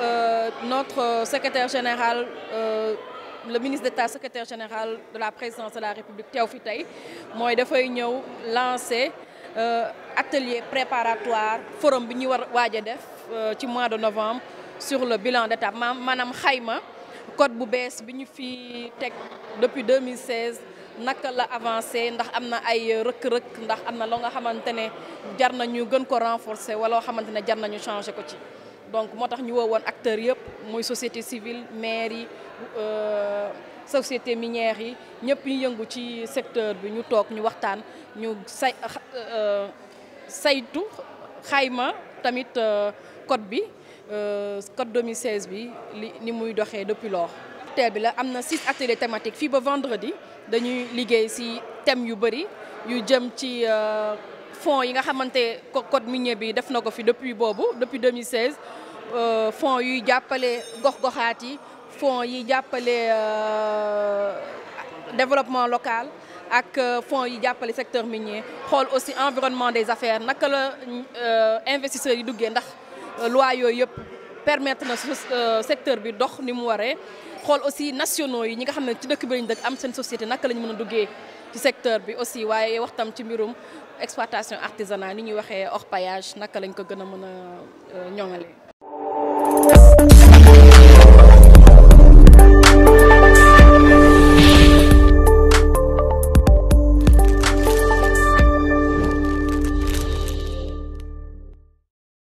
Euh, notre secrétaire général euh, le ministre d'État secrétaire général de la présidence de la République teew fi a lancé dafay ñëw lancer euh, atelier préparatoire forum bi Wajedef du mois de novembre sur le bilan d'État. Madame xayma code bu bees fi depuis 2016 naka la avancé ndax avons na ay rëkk-rëkk ndax am nga renforcer wala changer donc motax ñu woo woon acteurs yëpp muy société civile maire yi euh, société minière yi ñepp ñu yëngu ci secteur bi ñu tok ñu waxtaan ñu say euh, saytu xayma tamit euh, code bi euh code 2016 bi ni muy doxé depuis lors. teel bi la amna 6 ateliers thématiques fi ba vendredi dañuy liggéey ci thème yu bari yu jëm ci. euh fonds yi nga xamanté code minier bi def nako fi depuis bobu depuis 2016 euh, fonds yuy jàppale gox-goxaat yi fonds yi euh développement local ak euh, fonds yi jàppale secteur minier xool aussi environnement des affaires nak la euh, investisseurs yi duggee ndax loi yoyep permettre na euh, secteur bi dox ni mu waré xool aussi nationaux yi ñi nga xamné ci dëkk bi lañ dëkk am sen société nak lañ mëna duggé ci secteur bi aussi waaye waxtam ci mbirum exploitation artisanale ni ñuy waxé orpaillage nak lañ ko gëna mëna euh, ñongalé